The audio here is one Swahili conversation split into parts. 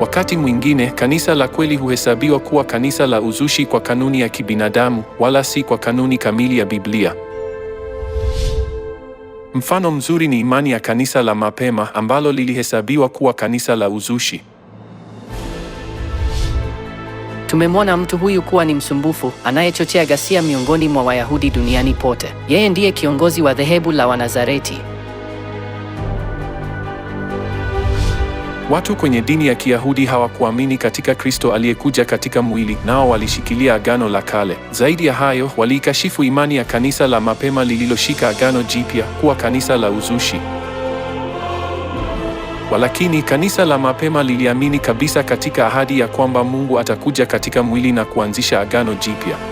Wakati mwingine kanisa la kweli huhesabiwa kuwa kanisa la uzushi kwa kanuni ya kibinadamu, wala si kwa kanuni kamili ya Biblia. Mfano mzuri ni imani ya kanisa la mapema ambalo lilihesabiwa kuwa kanisa la uzushi. Tumemwona mtu huyu kuwa ni msumbufu anayechochea ghasia miongoni mwa Wayahudi duniani pote. Yeye ndiye kiongozi wa dhehebu la Wanazareti. Watu kwenye dini ya Kiyahudi hawakuamini katika Kristo aliyekuja katika mwili, nao walishikilia agano la kale. Zaidi ya hayo, waliikashifu imani ya kanisa la mapema lililoshika agano jipya kuwa kanisa la uzushi. Walakini kanisa la mapema liliamini kabisa katika ahadi ya kwamba Mungu atakuja katika mwili na kuanzisha agano jipya.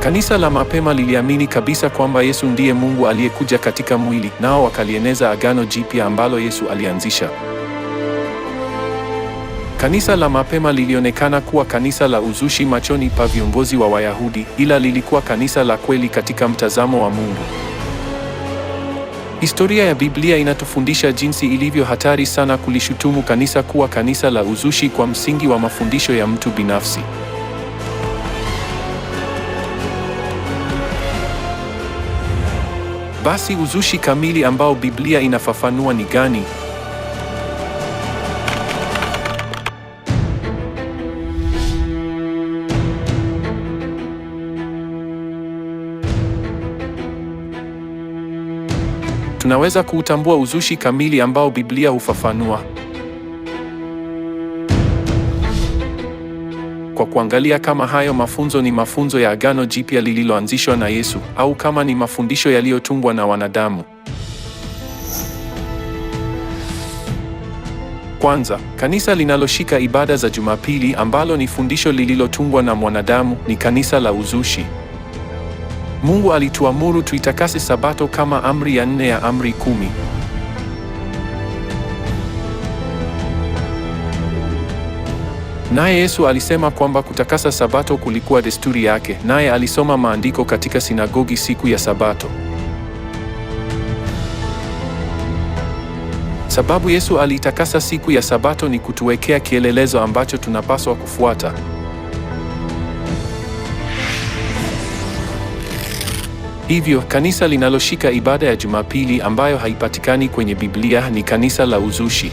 Kanisa la mapema liliamini kabisa kwamba Yesu ndiye Mungu aliyekuja katika mwili, nao wakalieneza agano jipya ambalo Yesu alianzisha. Kanisa la mapema lilionekana kuwa kanisa la uzushi machoni pa viongozi wa Wayahudi, ila lilikuwa kanisa la kweli katika mtazamo wa Mungu. Historia ya Biblia inatufundisha jinsi ilivyo hatari sana kulishutumu kanisa kuwa kanisa la uzushi kwa msingi wa mafundisho ya mtu binafsi. Basi uzushi kamili ambao Biblia inafafanua ni gani? Tunaweza kuutambua uzushi kamili ambao Biblia hufafanua. kwa kuangalia kama hayo mafunzo ni mafunzo ya Agano Jipya lililoanzishwa na Yesu au kama ni mafundisho yaliyotungwa na wanadamu. Kwanza, kanisa linaloshika ibada za Jumapili ambalo ni fundisho lililotungwa na mwanadamu ni kanisa la uzushi. Mungu alituamuru tuitakase Sabato kama amri ya nne ya amri kumi. Naye Yesu alisema kwamba kutakasa Sabato kulikuwa desturi yake, naye alisoma maandiko katika sinagogi siku ya Sabato. Sababu Yesu aliitakasa siku ya Sabato ni kutuwekea kielelezo ambacho tunapaswa kufuata. Hivyo, kanisa linaloshika ibada ya Jumapili ambayo haipatikani kwenye Biblia ni kanisa la uzushi.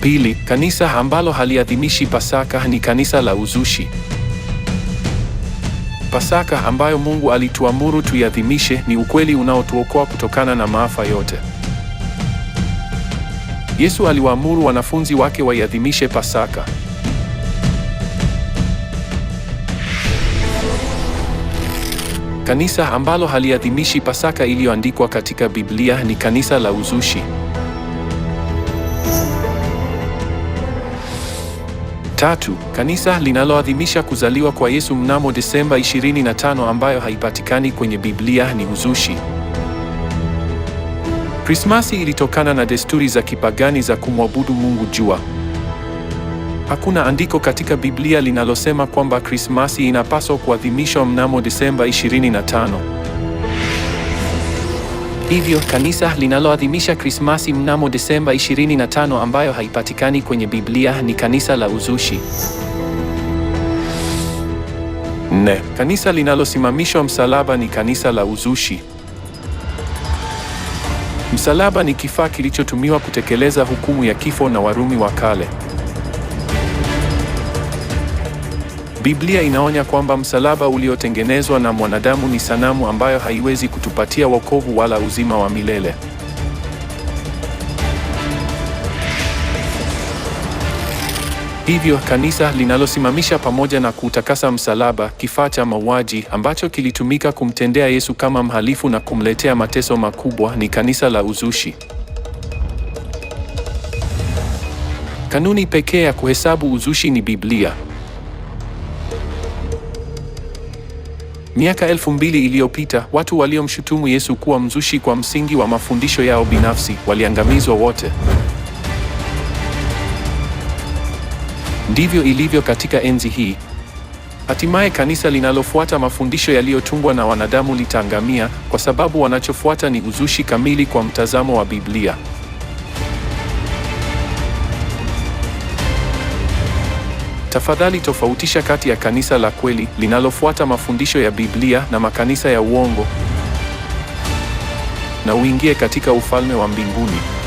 Pili, kanisa ambalo haliadhimishi Pasaka ni kanisa la uzushi. Pasaka ambayo Mungu alituamuru tuiadhimishe ni ukweli unaotuokoa kutokana na maafa yote. Yesu aliwaamuru wanafunzi wake waiadhimishe Pasaka. Kanisa ambalo haliadhimishi Pasaka iliyoandikwa katika Biblia ni kanisa la uzushi. Tatu, kanisa linaloadhimisha kuzaliwa kwa Yesu mnamo Desemba 25 ambayo haipatikani kwenye Biblia ni uzushi. Krismasi ilitokana na desturi za kipagani za kumwabudu Mungu jua. Hakuna andiko katika Biblia linalosema kwamba Krismasi inapaswa kuadhimishwa mnamo Desemba 25. Hivyo kanisa linaloadhimisha Krismasi mnamo Desemba 25 ambayo haipatikani kwenye Biblia ni kanisa la uzushi. Ne, kanisa linalosimamishwa msalaba ni kanisa la uzushi. Msalaba ni kifaa kilichotumiwa kutekeleza hukumu ya kifo na Warumi wa kale. Biblia inaonya kwamba msalaba uliotengenezwa na mwanadamu ni sanamu ambayo haiwezi kutupatia wokovu wala uzima wa milele. Hivyo kanisa linalosimamisha pamoja na kuutakasa msalaba, kifaa cha mauaji ambacho kilitumika kumtendea Yesu kama mhalifu na kumletea mateso makubwa, ni kanisa la uzushi. Kanuni pekee ya kuhesabu uzushi ni Biblia. Miaka elfu mbili iliyopita watu waliomshutumu Yesu kuwa mzushi kwa msingi wa mafundisho yao binafsi waliangamizwa wote. Ndivyo ilivyo katika enzi hii. Hatimaye kanisa linalofuata mafundisho yaliyotungwa na wanadamu litaangamia kwa sababu wanachofuata ni uzushi kamili kwa mtazamo wa Biblia. Tafadhali tofautisha kati ya kanisa la kweli linalofuata mafundisho ya Biblia na makanisa ya uongo, na uingie katika ufalme wa mbinguni.